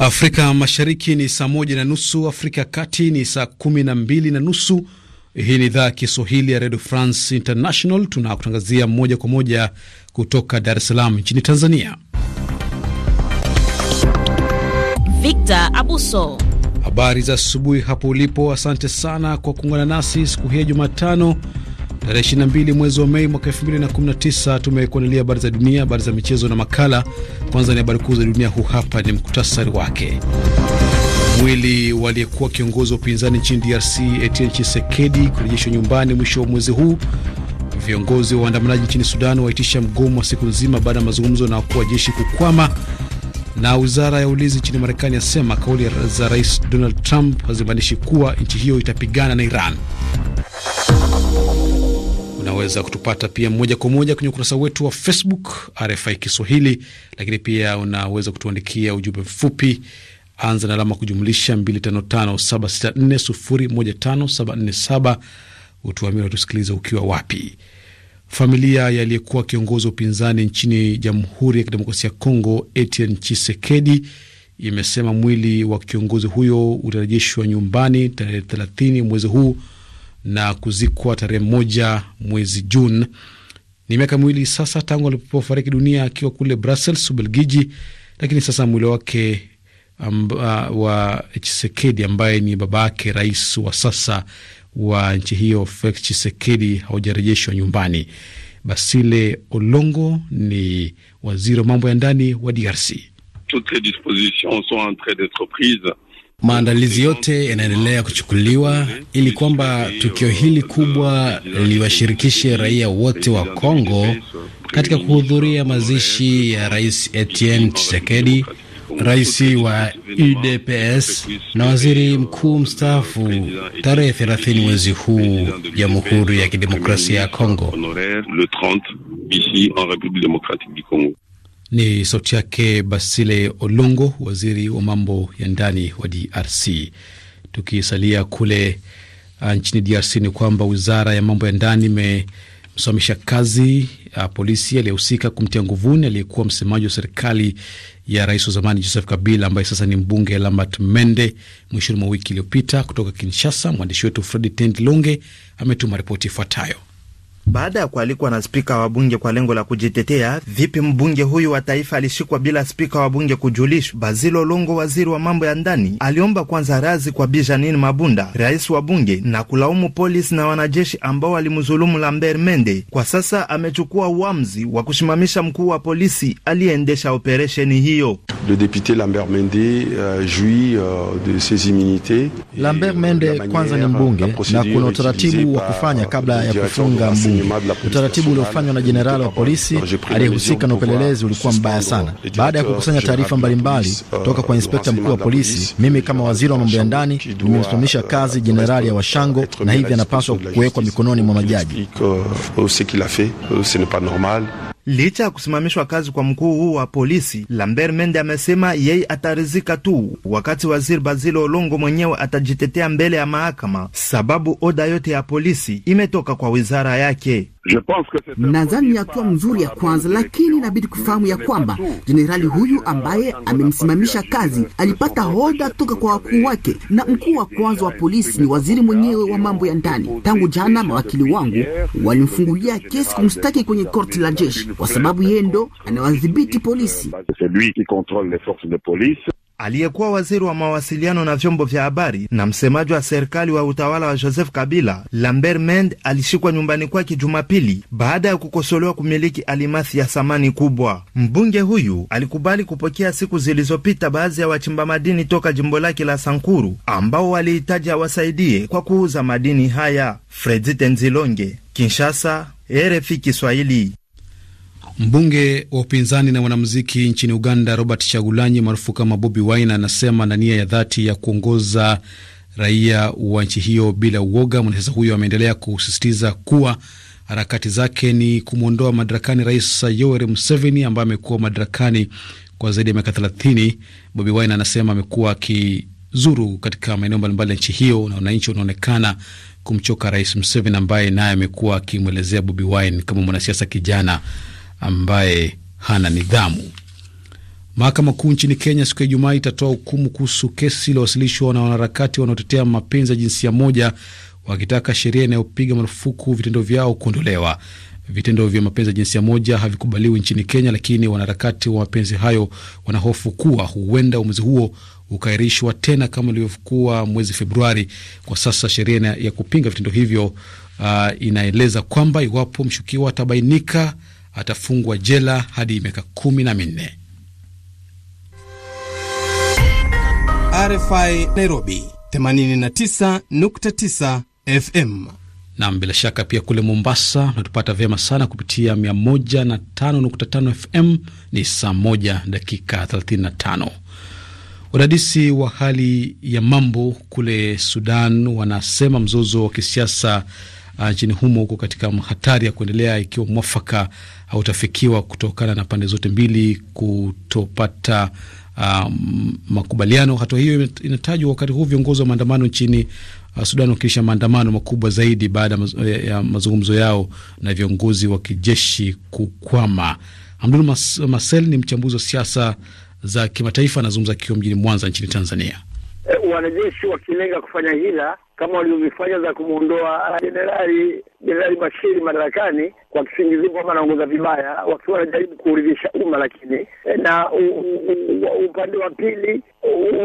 Afrika Mashariki ni saa moja na nusu, Afrika ya Kati ni saa kumi na mbili na nusu. Hii ni idhaa ya Kiswahili ya Redio France International. Tunakutangazia moja kwa moja kutoka Dar es Salaam nchini Tanzania. Victor Abuso, habari za asubuhi hapo ulipo. Asante sana kwa kuungana nasi siku hii ya Jumatano Tarehe 22 mwezi wa Mei mwaka 2019 tumekuandalia habari za dunia, habari za michezo na makala. Kwanza ni habari kuu za dunia, huu hapa ni muktasari wake. Mwili waliyekuwa kiongozi wa upinzani nchini DRC Etienne Tshisekedi kurejeshwa nyumbani mwisho wa mwezi huu. Viongozi wa waandamanaji nchini Sudan waitisha mgomo wa siku nzima baada ya mazungumzo na wakuu wa jeshi kukwama. Na wizara ya ulinzi nchini Marekani yasema kauli za rais Donald Trump hazimaanishi kuwa nchi hiyo itapigana na Iran. Unaweza kutupata pia moja kwa moja kwenye ukurasa wetu wa Facebook RFI Kiswahili, lakini pia unaweza kutuandikia ujumbe mfupi, anza na alama kujumlisha 255764015747. Utuamini unatusikiliza ukiwa wapi. Familia ya aliyekuwa kiongozi wa upinzani nchini Jamhuri ya Kidemokrasia ya Kongo Etienne Chisekedi imesema mwili wa kiongozi huyo utarejeshwa nyumbani tarehe 30 mwezi huu na kuzikwa tarehe moja mwezi Juni. Ni miaka miwili sasa tangu alipofariki dunia akiwa kule Brussels, Ubelgiji, lakini sasa mwili wake amba, ah, wa Chisekedi ambaye ni baba yake rais wa sasa wa nchi hiyo Felix Chisekedi haujarejeshwa nyumbani. Basile Olongo ni waziri wa mambo ya ndani wa DRC. Maandalizi yote yanaendelea kuchukuliwa ili kwamba tukio hili kubwa liwashirikishe raia wote wa Kongo katika kuhudhuria mazishi ya Rais Etienne Tshisekedi, rais wa UDPS na waziri mkuu mstaafu tarehe 30 mwezi huu, Jamhuri ya Kidemokrasia ya Kongo. Ni sauti yake Basile Olongo, waziri wa mambo ya ndani wa DRC. Tukisalia kule uh, nchini DRC ni kwamba wizara ya mambo ya ndani imemsimamisha kazi uh, polisi aliyehusika kumtia nguvuni aliyekuwa msemaji wa serikali ya rais wa zamani Joseph Kabila ambaye sasa ni mbunge Lambert Mende mwishoni mwa wiki iliyopita. Kutoka Kinshasa, mwandishi wetu Fredi Tendilonge ametuma ripoti ifuatayo. Baada ya kualikwa na spika wa bunge kwa lengo la kujitetea, vipi mbunge huyu wa taifa alishikwa bila spika wa bunge kujulishwa? Bazilo Longo, waziri wa mambo ya ndani, aliomba kwanza razi kwa bijanin Mabunda, rais wa bunge, na kulaumu polisi na wanajeshi ambao walimdhulumu Lambert Mende. Kwa sasa amechukua uamuzi wa kusimamisha mkuu wa polisi aliyeendesha operesheni hiyo. Le Lambert Mende euh, euh, de ses Lambert euh, Mende kwanza ni mbunge na kuna utaratibu wa kufanya kabla ya kufunga mbunge juu. Utaratibu uliofanywa na jenerali wa polisi aliyehusika na upelelezi ulikuwa mbaya sana. Baada ya kukusanya taarifa mbalimbali toka euh, kwa inspekta mkuu wa polisi, mimi kama euh, waziri wa mambo ya ndani nimemsimamisha euh, kazi jenerali ya Washango na hivi anapaswa kuwekwa mikononi mwa majaji. Licha ya kusimamishwa kazi kwa mkuu huu wa polisi, Lambert Mende amesema yeye atarizika tu wakati waziri basil Olongo mwenyewe atajitetea mbele ya mahakama, sababu oda yote ya polisi imetoka kwa wizara yake. Nadhani ni hatua mzuri ya kwanza, lakini inabidi kufahamu ya kwamba jenerali huyu ambaye amemsimamisha kazi alipata hoda toka kwa wakuu wake, na mkuu wa kwanza wa polisi ni waziri mwenyewe wa mambo ya ndani. Tangu jana mawakili wangu walimfungulia kesi kumstaki kwenye korti la jeshi, kwa sababu yeye ndo anawadhibiti polisi. Aliyekuwa waziri wa mawasiliano na vyombo vya habari na msemaji wa serikali wa utawala wa Joseph Kabila, Lambert Mende, alishikwa nyumbani kwake Jumapili baada ya kukosolewa kumiliki alimasi ya thamani kubwa. Mbunge huyu alikubali kupokea siku zilizopita baadhi ya wachimba madini toka jimbo lake la Sankuru ambao walihitaji awasaidie kwa kuuza madini haya. Fredi Tenzilonge, Kinshasa, RFI Kiswahili. Mbunge wa upinzani na mwanamuziki nchini Uganda Robert Chagulanyi maarufu kama Bobi Wine anasema na nia ya dhati ya kuongoza raia wa nchi hiyo bila uoga. Mwanasiasa huyo ameendelea kusisitiza kuwa harakati zake ni kumwondoa madarakani Rais Yoweri Museveni ambaye amekuwa madarakani kwa zaidi ya miaka thelathini. Bobi Wine anasema amekuwa akizuru katika maeneo mbalimbali ya nchi hiyo na wananchi wanaonekana kumchoka Rais Museveni ambaye naye amekuwa akimwelezea Bobi Wine kama mwanasiasa kijana ambaye hana nidhamu. Mahakama Kuu nchini Kenya siku ya Ijumaa itatoa hukumu kuhusu kesi iliyowasilishwa na wanaharakati wanaotetea mapenzi ya jinsia moja wakitaka sheria inayopiga marufuku vitendo vyao kuondolewa. Vitendo vya mapenzi ya jinsia moja havikubaliwi nchini Kenya, lakini wanaharakati wa mapenzi hayo wanahofu kuwa huenda uamuzi huo ukaahirishwa tena kama ilivyokuwa mwezi Februari. Kwa sasa sheria ya kupinga vitendo hivyo uh, inaeleza kwamba iwapo mshukiwa atabainika atafungwa jela hadi miaka kumi na minne. RFI Nairobi 89.9 FM. Nam, bila shaka pia kule Mombasa unatupata vyema sana kupitia 105.5 FM. Ni saa moja dakika 35. Wadadisi wa hali ya mambo kule Sudan wanasema mzozo wa kisiasa Uh, nchini uh, humo huko katika hatari ya kuendelea ikiwa mwafaka hautafikiwa uh, kutokana na pande zote mbili kutopata uh, makubaliano. Hatua hiyo inatajwa wakati huu viongozi wa maandamano nchini uh, Sudan wakilisha maandamano makubwa zaidi baada ya eh, mazungumzo yao na viongozi wa kijeshi kukwama. Hamdul Mas Masel ni mchambuzi wa siasa za kimataifa, anazungumza akiwa mjini Mwanza nchini Tanzania e, wanajeshi wakilenga kufanya hila kama walivyofanya za kumwondoa ah, jenerali jenerali Bashiri madarakani kwa kisingizio kwamba anaongoza vibaya, wakiwa wanajaribu kuuridhisha umma, lakini eh, na upande wa pili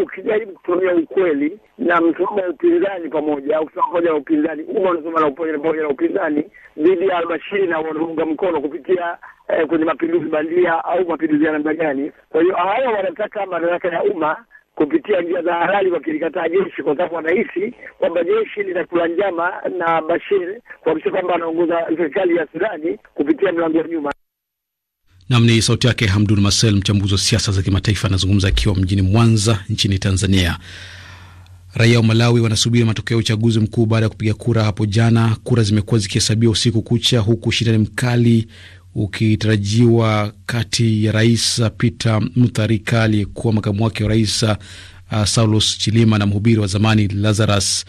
ukijaribu kutumia ukweli na msimamo wa upinzani pamoja au kusema pamoja na upinzani, umma na pamoja na upinzani dhidi ya Albashiri na wanaunga mkono kupitia eh, kwenye mapinduzi bandia au mapinduzi ya namna gani? Kwa hiyo hawa wanataka madaraka ya umma kupitia njia za halali wakilikataa jeshi, kwa sababu wanahisi kwamba jeshi linakula njama na Bashir kuhakikisha kwamba anaongoza serikali ya Sudani kupitia mlango wa nyuma. Nam ni sauti yake Hamdun Masel, mchambuzi wa siasa za kimataifa, anazungumza akiwa mjini Mwanza nchini Tanzania. Raia wa Malawi wanasubiri matokeo ya uchaguzi mkuu baada ya kupiga kura hapo jana. Kura zimekuwa zikihesabiwa usiku kucha, huku ushindani mkali ukitarajiwa kati ya Rais Peter Mutharika aliyekuwa makamu wake wa rais uh, Saulos Chilima na mhubiri wa zamani Lazarus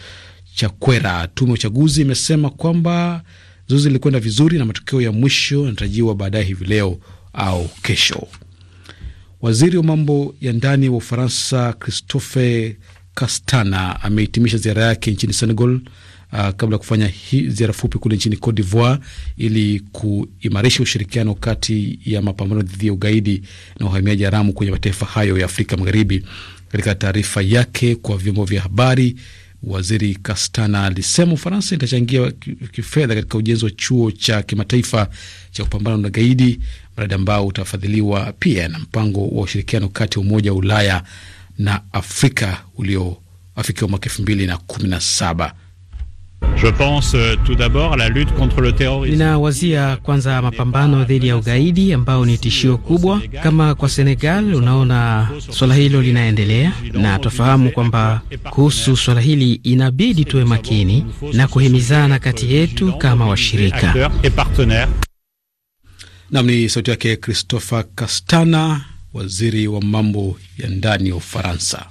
Chakwera. Tume ya uchaguzi imesema kwamba zoezi lilikwenda vizuri na matokeo ya mwisho yanatarajiwa baadaye hivi leo au kesho. Waziri wa mambo ya ndani wa Ufaransa Christophe Kastana amehitimisha ziara yake nchini Senegal uh, kabla ya kufanya ziara fupi kule nchini Cote d'Ivoire ili kuimarisha ushirikiano kati ya mapambano dhidi ya ugaidi na uhamiaji haramu kwenye mataifa hayo ya Afrika Magharibi. Katika taarifa yake kwa vyombo vya habari, Waziri Kastana alisema Ufaransa itachangia kifedha katika ujenzi wa chuo cha kimataifa cha kupambana na ugaidi, mradi ambao utafadhiliwa pia na mpango wa ushirikiano kati ya Umoja wa Ulaya na Afrika ulioafikiwa mwaka elfu mbili na kumi na saba. Je pense, euh, tout d'abord, la lutte contre le terrorisme. Ninawazia kwanza mapambano dhidi ya ugaidi ambao ni tishio kubwa. Kama kwa Senegal, unaona swala hilo linaendelea, na tufahamu kwamba kuhusu swala hili inabidi tuwe makini na kuhimizana kati yetu kama washirika. Nam ni sauti yake Christopher Castana waziri wa mambo ya ndani ya Ufaransa.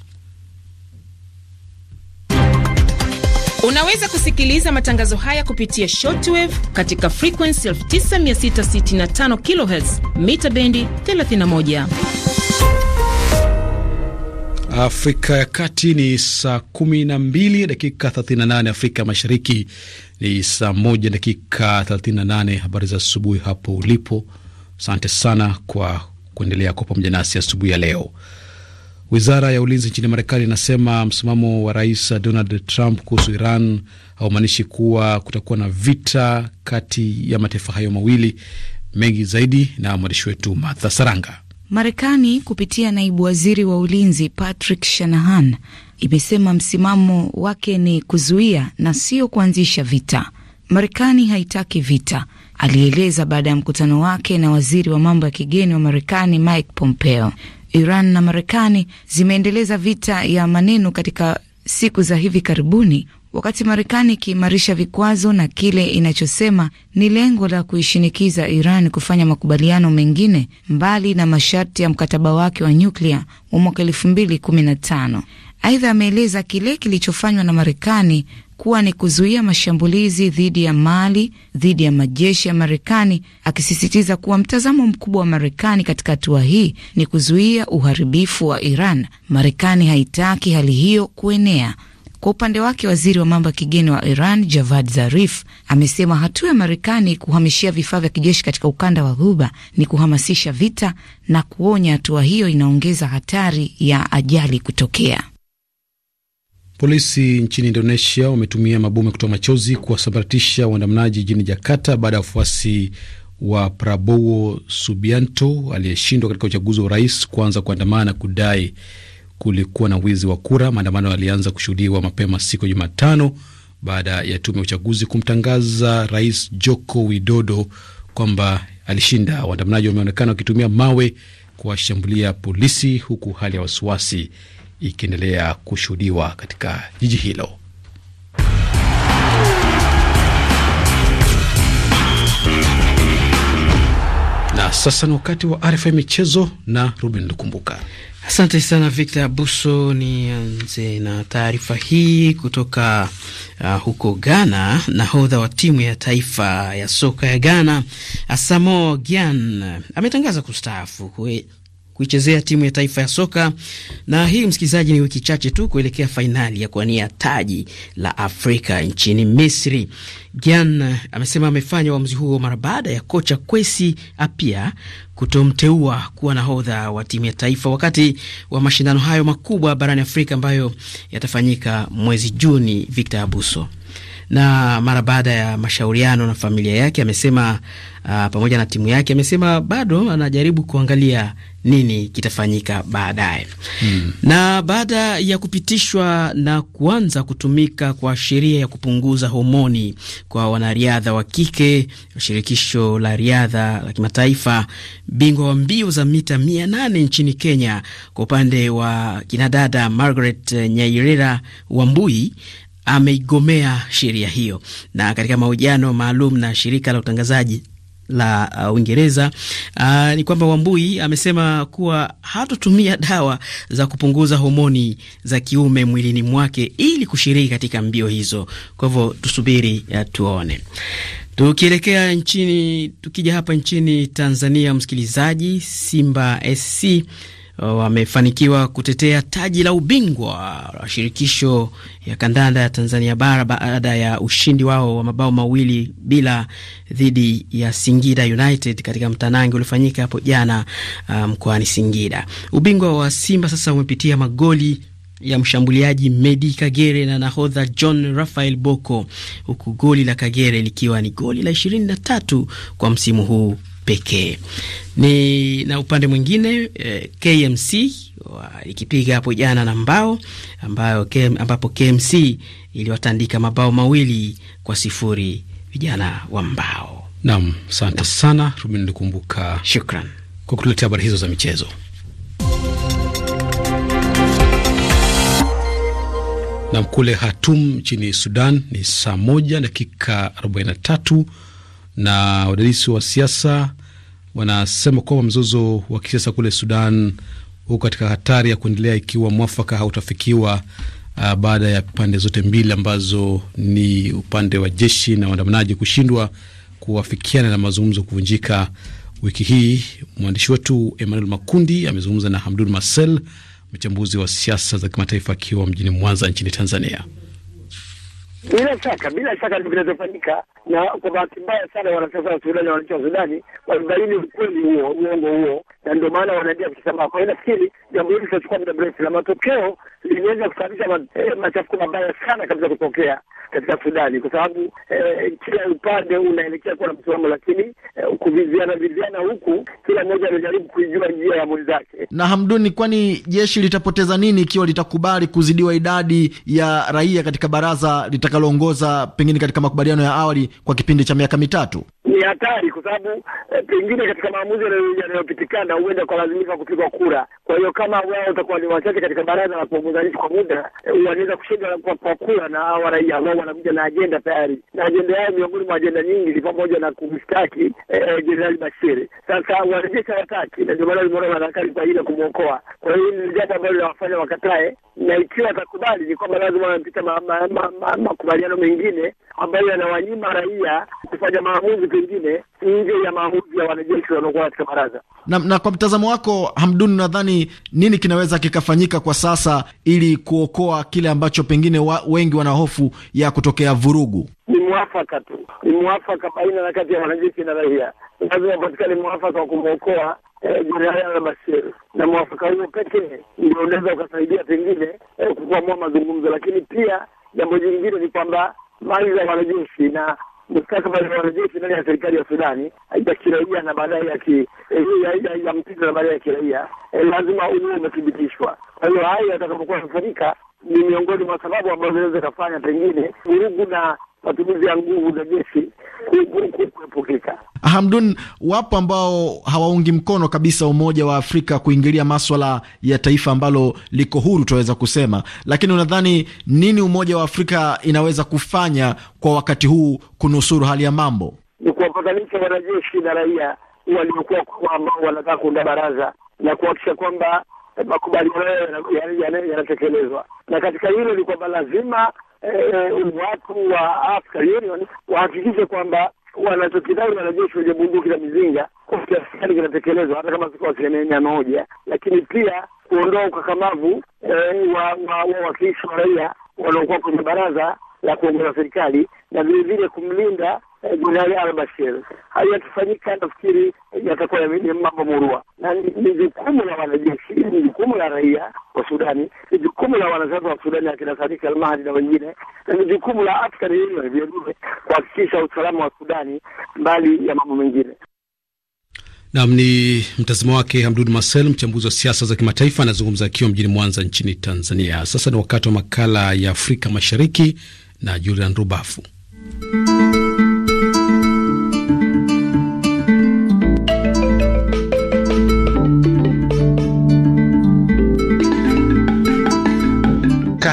Unaweza kusikiliza matangazo haya kupitia shortwave katika frequency 9665 kilohertz mita bendi 31. Afrika ya Kati ni saa 12 dakika 38, Afrika Mashariki ni saa 1 dakika 38. Habari za asubuhi hapo ulipo, asante sana kwa kuendelea kwa pamoja nasi asubuhi ya leo. Wizara ya ulinzi nchini Marekani inasema msimamo wa rais Donald Trump kuhusu Iran haumaanishi kuwa kutakuwa na vita kati ya mataifa hayo mawili. Mengi zaidi na mwandishi wetu Martha Saranga. Marekani kupitia naibu waziri wa ulinzi Patrick Shanahan imesema msimamo wake ni kuzuia na sio kuanzisha vita. Marekani haitaki vita alieleza baada ya mkutano wake na waziri wa mambo ya kigeni wa Marekani Mike Pompeo. Iran na Marekani zimeendeleza vita ya maneno katika siku za hivi karibuni, wakati Marekani ikiimarisha vikwazo na kile inachosema ni lengo la kuishinikiza Iran kufanya makubaliano mengine mbali na masharti ya mkataba wake wa nyuklia wa mwaka elfu mbili kumi na tano. Aidha, ameeleza kile kilichofanywa na Marekani kuwa ni kuzuia mashambulizi dhidi ya Mali dhidi ya majeshi ya Marekani, akisisitiza kuwa mtazamo mkubwa wa Marekani katika hatua hii ni kuzuia uharibifu wa Iran. Marekani haitaki hali hiyo kuenea. Kwa upande wake waziri wa mambo ya kigeni wa Iran Javad Zarif amesema hatua ya Marekani kuhamishia vifaa vya kijeshi katika ukanda wa Ghuba ni kuhamasisha vita na kuonya hatua hiyo inaongeza hatari ya ajali kutokea. Polisi nchini Indonesia wametumia mabomu ya kutoa machozi kuwasambaratisha waandamanaji jijini Jakarta baada ya wafuasi wa Prabowo Subianto aliyeshindwa katika uchaguzi wa urais kuanza kuandamana kudai kulikuwa na wizi wa kura. Maandamano yalianza kushuhudiwa mapema siku ya Jumatano baada ya tume ya uchaguzi kumtangaza Rais Joko Widodo kwamba alishinda. Waandamanaji wameonekana wakitumia mawe kuwashambulia polisi, huku hali ya wasiwasi ikiendelea kushuhudiwa katika jiji hilo. Na sasa ni wakati wa RFI michezo na Ruben Lukumbuka. Asante sana Victor Abuso. Nianze na taarifa hii kutoka uh, huko Ghana. Nahodha wa timu ya taifa ya soka ya Ghana Asamoah Gyan ametangaza kustaafu kuichezea timu ya taifa ya soka. Na hii msikilizaji, ni wiki chache tu kuelekea fainali ya kuwania taji la Afrika nchini Misri. Gian amesema amefanya uamuzi huo mara baada ya kocha Kwesi Apia kutomteua kuwa nahodha wa timu ya taifa wakati wa mashindano hayo makubwa barani Afrika ambayo yatafanyika mwezi Juni. Victor Abuso na mara baada ya mashauriano na familia yake amesema, uh, pamoja na timu yake amesema bado anajaribu kuangalia nini kitafanyika baadaye. Hmm. Na baada ya kupitishwa na kuanza kutumika kwa sheria ya kupunguza homoni kwa wanariadha wa kike, shirikisho la riadha la kimataifa, bingwa wa mbio za mita nane nchini Kenya kwa upande wa kinadada Margaret Nyairera Wambui ameigomea sheria hiyo. Na katika mahojiano maalum na shirika la utangazaji la uh, Uingereza uh, uh, ni kwamba Wambui amesema kuwa hatotumia dawa za kupunguza homoni za kiume mwilini mwake ili kushiriki katika mbio hizo. Kwa hivyo tusubiri uh, tuone. Tukielekea nchini, tukija hapa nchini Tanzania, msikilizaji, Simba SC wamefanikiwa kutetea taji la ubingwa la shirikisho ya kandanda ya Tanzania bara baada ya ushindi wao wa mabao mawili bila dhidi ya Singida United katika mtanange uliofanyika hapo jana uh, mkoani um, Singida. Ubingwa wa Simba sasa umepitia magoli ya mshambuliaji Medi Kagere na nahodha John Rafael Boko, huku goli la Kagere likiwa ni goli la 23 kwa msimu huu pekee. Ni na upande mwingine eh, KMC ikipiga hapo jana na Mbao ambayo KM, ambapo KMC iliwatandika mabao mawili kwa sifuri vijana wa Mbao. Naam, asante sana Rubin Likumbuka, shukran kwa kutuletea habari hizo za michezo. Nam, kule Hatum nchini Sudan ni saa moja dakika 43 na wadadisi wa siasa wanasema kwamba mzozo wa kisiasa kule Sudan huko katika hatari ya kuendelea ikiwa mwafaka hautafikiwa, uh, baada ya pande zote mbili ambazo ni upande wa jeshi na waandamanaji kushindwa kuwafikiana na mazungumzo kuvunjika wiki hii. Mwandishi wetu Emmanuel Makundi amezungumza na Hamdul Marcel, mchambuzi wa siasa za kimataifa akiwa mjini Mwanza nchini Tanzania. Bila shaka, bila shaka ndio kinachofanyika, na kwa bahati mbaya sana wanasiasa wa Sudani na wananchi wa Sudani walibaini ukweli huo, uongo huo, na ndio maana wanaendelea kusema Kwa hiyo nafikiri jambo hili litachukua muda mrefu, na matokeo linaweza kusababisha eh, machafuko mabaya sana kabisa kutokea katika Sudani, kwa sababu eh, kila upande unaelekea kuwa na msimamo, lakini eh, kuviziana viziana huku, kila mmoja anajaribu kuijua njia ya mwenzake. Na Hamduni, kwani jeshi litapoteza nini ikiwa litakubali kuzidiwa idadi ya raia katika baraza litakaloongoza pengine katika makubaliano ya awali kwa kipindi cha miaka mitatu? Ni hatari kwa sababu eh, pengine katika maamuzi yanayopitikana na huenda ukalazimika kupigwa kura. Kwa hiyo kama wao utakuwa ni wachache katika baraza la kuongoza nchi kwa muda, eh, wanaweza kushinda kwa kura, na hawa raia ambao wanakuja na ajenda tayari, na ajenda yao miongoni mwa ajenda nyingi ni pamoja na kumshtaki eh, eh, Jenerali Bashiri. Sasa wanajeshi hawataki, na ndio maana limeona madarakani kwa ajili ya kumwokoa. Kwa hiyo hili ni jambo ambalo linawafanya wakatae, na ikiwa atakubali ni kwamba lazima wanapita makubaliano mengine ambayo yanawanyima raia kufanya maamuzi pengine nje ya maamuzi ya wanajeshi wanaokuwa katika baraza na kwa mtazamo wako Hamdun, nadhani nini kinaweza kikafanyika kwa sasa ili kuokoa kile ambacho pengine wa, wengi wana hofu ya kutokea vurugu? Ni mwafaka tu, ni mwafaka baina na kati ya wanajeshi na raia, lazima upatikane mwafaka wa kumwokoa eh, jenerali eh, bashir na mwafaka huo pekee ndio unaweza ukasaidia pengine eh, kukwamua mazungumzo, lakini pia jambo jingine ni kwamba mali za wanajeshi na mustakabali wa wanajeshi ndani ya serikali ya Sudani ya kiraia na baadaye eh, ya mpito na baadaye ya kiraia eh, lazima uwe umethibitishwa. Kwa hiyo haya yatakapokuwa yamefanyika, ni miongoni mwa sababu ambazo zinaweza kafanya pengine vurugu na matumizi ya nguvu za jeshi kuepukika. Hamdun, wapo ambao hawaungi mkono kabisa Umoja wa Afrika kuingilia maswala ya taifa ambalo liko huru, tunaweza kusema, lakini unadhani nini Umoja wa Afrika inaweza kufanya kwa wakati huu kunusuru hali ya mambo? Ni kuwapatanisha wanajeshi na raia waliokuwa ambao wanataka kuunda baraza na kuhakikisha kwamba makubaliano hayo yanatekelezwa. Na katika hilo ni kwamba lazima eh, watu wa African Union wahakikishe kwamba wanachokidai wanajeshi wenye bunduki na mizinga kwa kiasi gani kinatekelezwa, hata kama siko asilimia mia moja, lakini pia kuondoa ukakamavu eh, wa wawakilishi wa raia wanaokuwa kwenye baraza la kuongoza serikali na vilevile kumlinda Jenerali e, al-Bashir. Hayo yakifanyika, nafikiri yatakuwa ni mambo murua, na ni jukumu la wanajeshi, ni jukumu la raia wa Sudani, ni jukumu la wanasiasa wa Sudani akina Sadik Almahdi na wengine, na ni jukumu la askari yenyewe vilevile kuhakikisha usalama wa Sudani, mbali ya mambo mengine. Nam ni mtazamo wake Hamdun Marcel, mchambuzi wa siasa za kimataifa, anazungumza akiwa mjini Mwanza nchini Tanzania. Sasa ni wakati wa makala ya Afrika Mashariki na Julian Rubafu.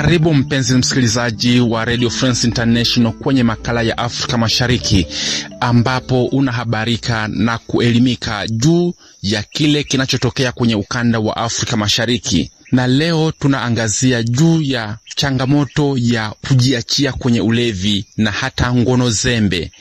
Karibu mpenzi msikilizaji wa Radio France International kwenye makala ya Afrika Mashariki ambapo unahabarika na kuelimika juu ya kile kinachotokea kwenye ukanda wa Afrika Mashariki. Na leo tunaangazia juu ya changamoto ya kujiachia kwenye ulevi na hata ngono zembe.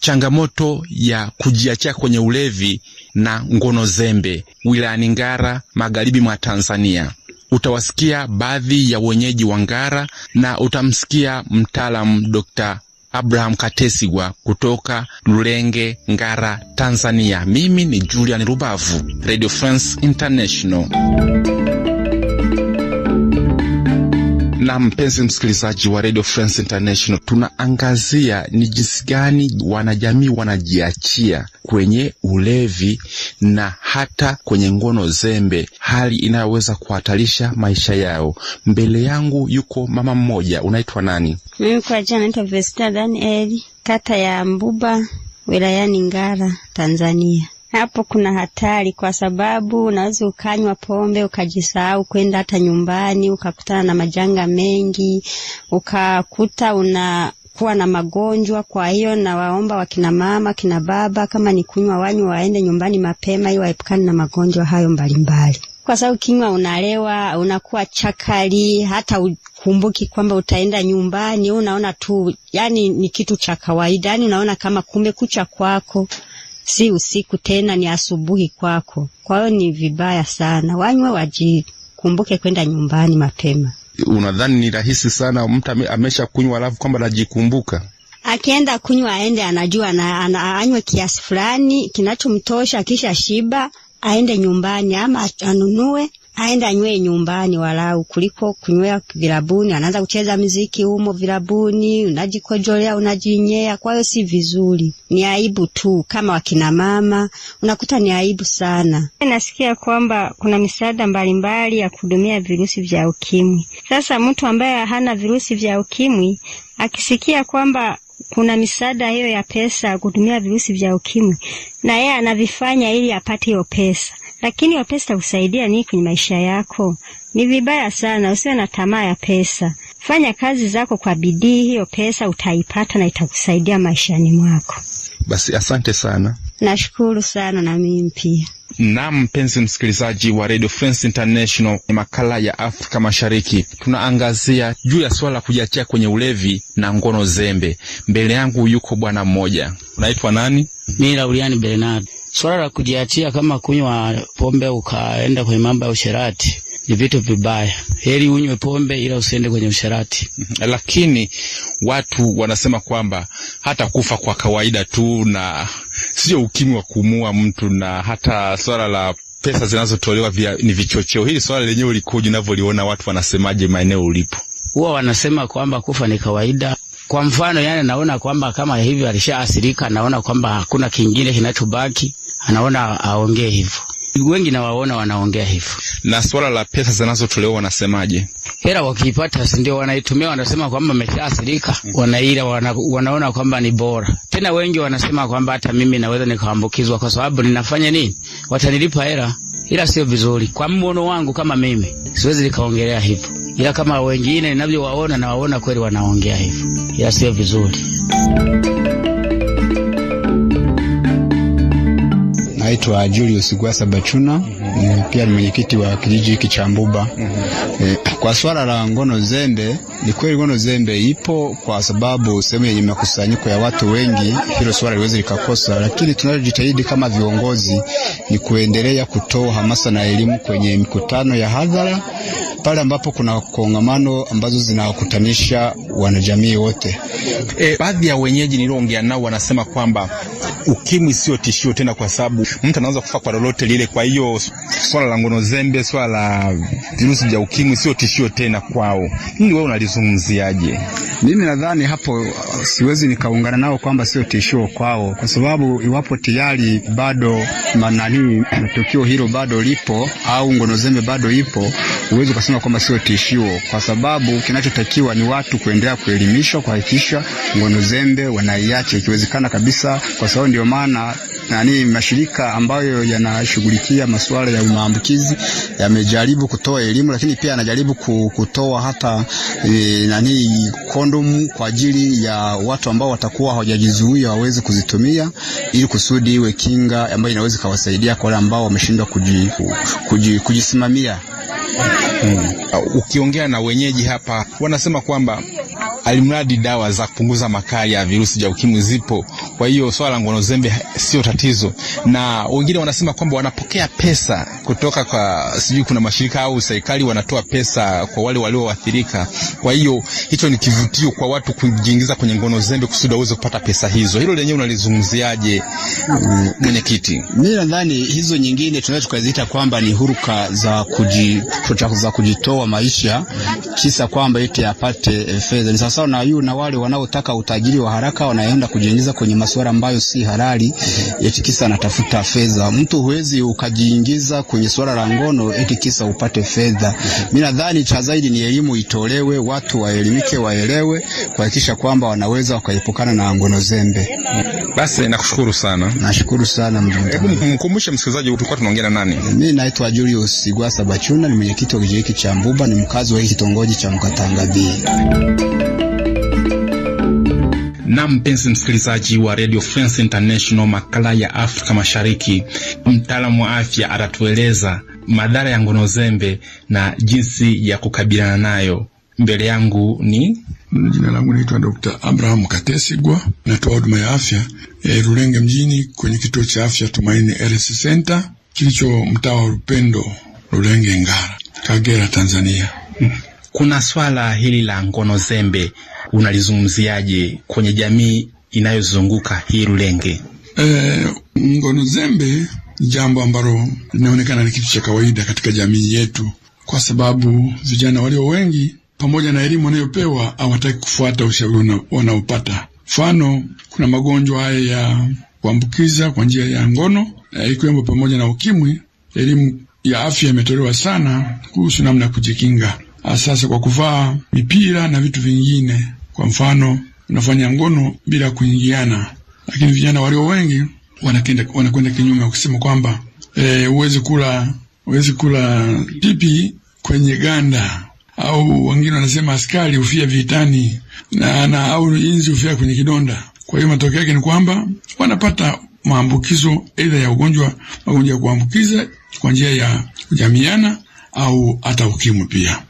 Changamoto ya kujiachia kwenye ulevi na ngono zembe wilayani Ngara, magharibi mwa Tanzania utawasikia baadhi ya wenyeji wa Ngara na utamsikia mtaalam Dr. Abraham Katesigwa kutoka Lulenge, Ngara, Tanzania. Mimi ni Julian Rubavu, Radio France International. Na mpenzi msikilizaji wa Radio France International, tunaangazia ni jinsi gani wanajamii wanajiachia kwenye ulevi na hata kwenye ngono zembe, hali inayoweza kuhatarisha maisha yao. Mbele yangu yuko mama mmoja, unaitwa nani? Mimi kwa jina naitwa Vesta Daniel, kata ya Mbuba, wilayani Ngara, Tanzania. Hapo kuna hatari kwa sababu unaweza ukanywa pombe ukajisahau kwenda hata nyumbani, ukakutana na majanga mengi, ukakuta una kuwa na magonjwa. Kwa hiyo nawaomba wakina mama, kina baba, kama ni kunywa wanywe, waende nyumbani mapema ili waepukane na magonjwa hayo mbalimbali, kwa sababu kinywa unalewa, unakuwa chakali, hata ukumbuki kwamba utaenda nyumbani. Unaona tu yani ni kitu cha kawaida, yani unaona kama kumekucha kwako si usiku tena, ni asubuhi kwako. Kwa hiyo ni vibaya sana, wanywe, wajikumbuke kwenda nyumbani mapema unadhani ni rahisi sana mtu amesha kunywa alafu kwamba anajikumbuka? Akienda kunywa aende, anajua anywe kiasi fulani kinachomtosha, kisha shiba aende nyumbani ama anunue aenda anywe nyumbani walau kuliko kunywea vilabuni. Anaanza kucheza mziki humo vilabuni, unajikojolea unajinyea. Kwa hiyo si vizuri, ni aibu tu. Kama wakina mama unakuta ni aibu sana. Nasikia kwamba kuna misaada mbalimbali ya kuhudumia virusi vya ukimwi. Sasa mtu ambaye hana virusi vya ukimwi akisikia kwamba kuna misaada hiyo ya pesa kutumia virusi vya ukimwi, na yeye anavifanya ili apate hiyo pesa lakini hiyo pesa kusaidia nini kwenye maisha yako? Ni vibaya sana, usiwe na tamaa ya pesa. Fanya kazi zako kwa bidii, hiyo pesa utaipata na itakusaidia maishani mwako. Basi asante sana, nashukuru sana na mimi pia. Na mpenzi msikilizaji wa Radio France International, ni makala ya Afrika Mashariki, tunaangazia juu ya swala la kujiachia kwenye ulevi na ngono zembe. Mbele yangu yuko bwana mmoja, unaitwa nani? Mimi Lauriani Bernard Swala la kujiachia kama kunywa pombe ukaenda kwenye mambo ya usherati ni vitu vibaya. Heri unywe pombe ila usiende kwenye usherati. Mhm. Lakini watu wanasema kwamba hata kufa kwa kawaida tu na sio ukimwi wa kumua mtu, na hata swala la pesa zinazotolewa via, ni vichocheo. Hili swala lenyewe ulikuja unavyoliona, watu wanasemaje maeneo ulipo? Huwa wanasema kwamba kufa ni kawaida. Kwa mfano, yani naona kwamba kama hivi alishaathirika, naona kwamba hakuna kingine kinachobaki anaona aongee hivyo. Wengi nawaona wanaongea hivyo. Na swala la pesa zinazotolewa wanasemaje? Hela wakiipata, ndio wanaitumia, wanasema kwamba wameshaathirika, wanaila wana, wanaona kwamba ni bora. Tena wengi wanasema kwamba hata mimi naweza nikaambukizwa kwa sababu ninafanya nini, watanilipa hela. Ila sio vizuri kwa mbono wangu, kama mimi siwezi nikaongelea hivyo, ila kama wengine ninavyowaona, nawaona kweli wanaongea hivyo, ila sio vizuri. Naitwa Julius Gwasa Bachuna mm -hmm. Pia ni mwenyekiti wa kijiji hiki cha Mbuba mm -hmm. E, kwa swala la ngono zembe, ni kweli ngono zembe ipo, kwa sababu sehemu yenye makusanyiko ya watu wengi, hilo swala liwezi likakosa, lakini tunalojitahidi kama viongozi ni kuendelea kutoa hamasa na elimu kwenye mikutano ya hadhara pale ambapo kuna kongamano ambazo zinawakutanisha wanajamii wote. E, baadhi ya wenyeji niliongea nao wanasema kwamba ukimwi sio tishio tena, kwa sababu mtu anaweza kufa kwa lolote lile. Kwa hiyo swala la ngono zembe, swala la virusi vya ukimwi sio tishio tena kwao. Hili wewe unalizungumziaje? Mimi nadhani hapo uh, siwezi nikaungana nao kwamba sio tishio kwao, kwa sababu iwapo tayari bado manani tukio hilo bado lipo au ngono zembe bado ipo, huwezi ukasema tunasema kwamba sio tishio, kwa sababu kinachotakiwa ni watu kuendelea kuelimishwa, kuhakikisha ngono zembe wanaiacha ikiwezekana kabisa, kwa sababu ndio maana nani mashirika ambayo yanashughulikia masuala ya maambukizi yamejaribu kutoa elimu, lakini pia yanajaribu kutoa hata e, nani kondomu kwa ajili ya watu ambao watakuwa hawajajizuia waweze kuzitumia ili kusudi iwe kinga ambayo inaweza ikawasaidia kwa wale ambao wameshindwa kujisimamia kuji, kuji mm. Uh, ukiongea na wenyeji hapa wanasema kwamba alimradi dawa za kupunguza makali ya virusi vya ukimwi zipo, kwa hiyo swala la ngono zembe sio tatizo, na wengine wanasema kwamba wanapokea pesa kutoka kwa sijui, kuna mashirika au serikali wanatoa pesa kwa wale walioathirika. Kwa hiyo hicho ni kivutio kwa watu kujiingiza kwenye ngono zembe kusudi waweze kupata pesa hizo. Hilo lenyewe unalizungumziaje, mm, mwenyekiti? Mimi nadhani hizo nyingine tunaweza tukaziita kwamba ni huruka za kuji, za kujitoa maisha kisa kwamba eti apate eh, fedha. Ni sawasawa na yule na wale wanaotaka utajiri wa haraka wanaenda kujiingiza kwenye mas masuala ambayo si halali, mhm. eti kisa anatafuta fedha. Mtu huwezi ukajiingiza kwenye swala la ngono eti kisa upate fedha. Mimi mhm. nadhani cha zaidi ni elimu itolewe, watu waelimike, waelewe, kuhakikisha kwamba wanaweza wakaepukana na ngono zembe. Basi nakushukuru sana. Nashukuru sana mkumbushe msikilizaji, tulikuwa tunaongea na nani? Mimi naitwa Julius Sigwasa Bachuna, ni mwenyekiti wa kijiji cha Mbuba, ni mkazi wa kitongoji cha Mkatanga B. Na mpenzi msikilizaji wa Radio France International, makala ya Afrika Mashariki, mtaalamu wa afya atatueleza madhara ya ngono zembe na jinsi ya kukabiliana nayo. Mbele yangu ni jina langu naitwa Dr. Abraham Katesigwa, natoa huduma ya afya e, Rulenge mjini kwenye kituo cha afya Tumaini rs Center kilicho mtaa wa Rupendo, Rulenge Ngara, Kagera, Tanzania. Kuna swala hili la ngono zembe unalizungumziaje kwenye jamii inayozunguka hii Rulenge? E, eh, ngono zembe ni jambo ambalo linaonekana ni kitu cha kawaida katika jamii yetu, kwa sababu vijana walio wengi pamoja na elimu wanayopewa hawataki kufuata ushauri wanaopata. Mfano, kuna magonjwa haya ya kuambukiza kwa njia ya ngono e, ikiwemo pamoja na ukimwi. Elimu ya afya imetolewa sana kuhusu namna ya kujikinga, sasa kwa kuvaa mipira na vitu vingine kwa mfano, unafanya ngono bila kuingiana, lakini vijana walio wengi wanakwenda wanakwenda kinyume kusema kwamba eh, huwezi e, kula huwezi kula pipi kwenye ganda, au wengine wanasema askari hufia vitani na, na au inzi hufia kwenye kidonda. Kwa hiyo matokeo yake ni kwamba wanapata maambukizo aidha ya ugonjwa magonjwa ya kuambukiza kwa njia ya kujamiana au hata ukimwi pia.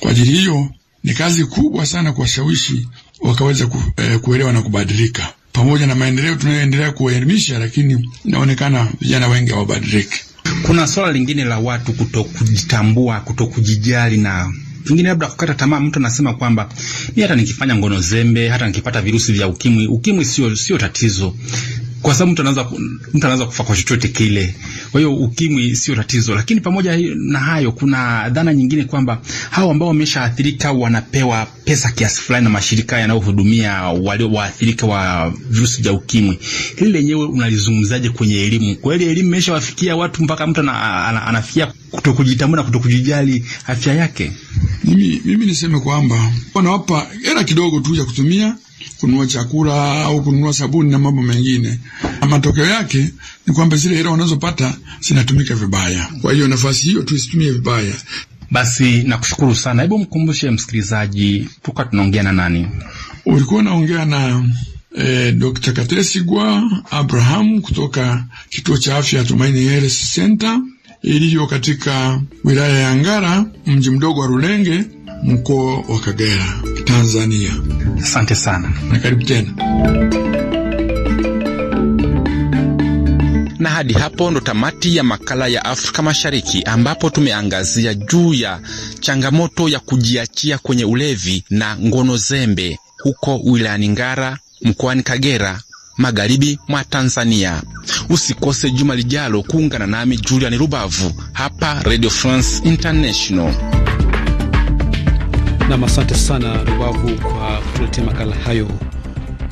Kwa ajili hiyo ni kazi kubwa sana kuwashawishi wakaweza ku, eh, kuelewa na kubadilika. Pamoja na maendeleo tunayoendelea kuelimisha, lakini inaonekana vijana wengi hawabadiliki. Kuna swala lingine la watu kutokujitambua, kutokujijali na pengine labda kukata tamaa. Mtu anasema kwamba mi hata nikifanya ngono zembe, hata nikipata virusi vya ukimwi, ukimwi sio sio tatizo, kwa sababu mtu anaweza mtu anaweza kufa kwa chochote kile. Kwa hiyo ukimwi sio tatizo, lakini pamoja na hayo, kuna dhana nyingine kwamba hao ambao wameshaathirika wanapewa pesa kiasi fulani na mashirika yanayohudumia wale waathirika wa virusi vya ukimwi. Hili lenyewe unalizungumzaje kwenye elimu? Kweli elimu imeshawafikia watu mpaka mtu anafikia kutokujitambua na kutokujijali afya yake? Mimi, mimi niseme kwamba wanawapa hela kidogo tu ya kutumia kununua chakula au kununua sabuni na mambo mengine. Matokeo yake ni kwamba zile hela wanazopata zinatumika vibaya. Kwa hiyo nafasi hiyo tu vibaya. Basi nakushukuru sana. Hebu mkumbushe msikilizaji, tuka tunaongea na nani? Ulikuwa unaongea na e, eh, Dr. Katesigwa Abraham kutoka kituo cha afya Tumaini Health Center iliyo katika wilaya ya Ngara, mji mdogo wa Rulenge mkoa wa Kagera, Tanzania. Asante sana na karibu tena. Na hadi hapo ndo tamati ya makala ya Afrika Mashariki, ambapo tumeangazia juu ya changamoto ya kujiachia kwenye ulevi na ngono zembe huko wilayani Ngara mkoani Kagera magharibi mwa Tanzania. Usikose juma lijalo kuungana nami Julian Rubavu hapa Radio France International. Nam, asante sana Rubavu kwa kutuletea makala hayo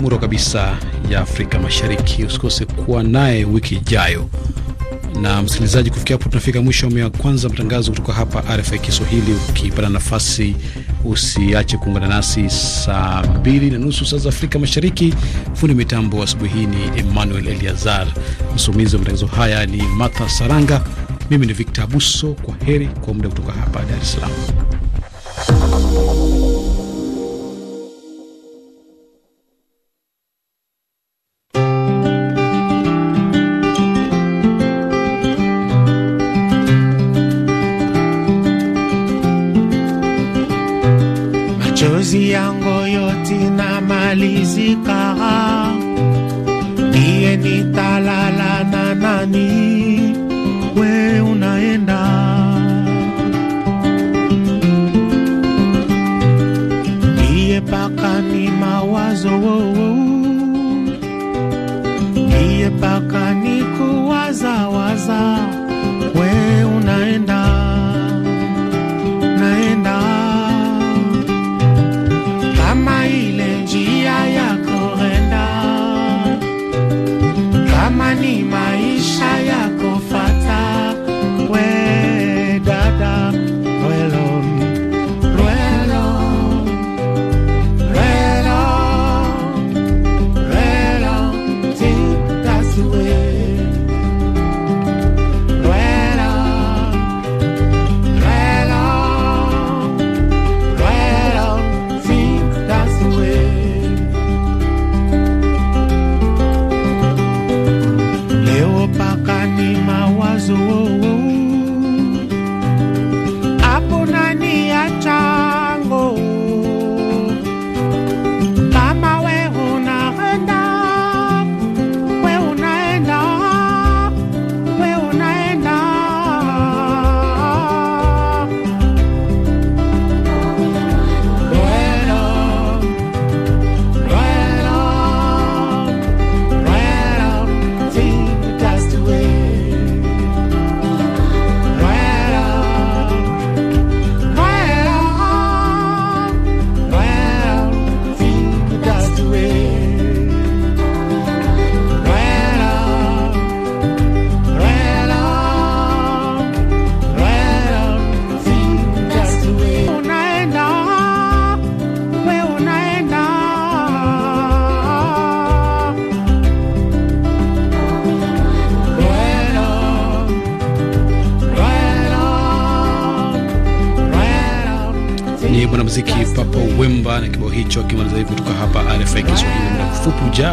muro kabisa ya Afrika Mashariki. Usikose kuwa naye wiki ijayo. Na msikilizaji, kufikia hapo tunafika mwisho wa ya kwanza matangazo kutoka hapa RFI Kiswahili. Ukipata nafasi, usiache kuungana nasi saa mbili na nusu saa za Afrika Mashariki. Fundi mitambo asubuhi hii ni Emmanuel Eliazar, msimamizi wa matangazo haya ni Martha Saranga, mimi ni Victor Abuso. Kwa heri kwa muda kutoka hapa Dar es Salaam. Machozi yangu yote namalizika, ndiye nitalala na nani?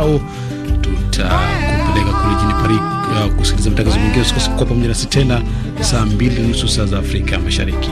hao. Tutakupeleka kule jini Paris uh, kusikiliza matangazo mengine. Usikose kuwa pamoja nasi tena saa mbili nusu saa za Afrika Mashariki.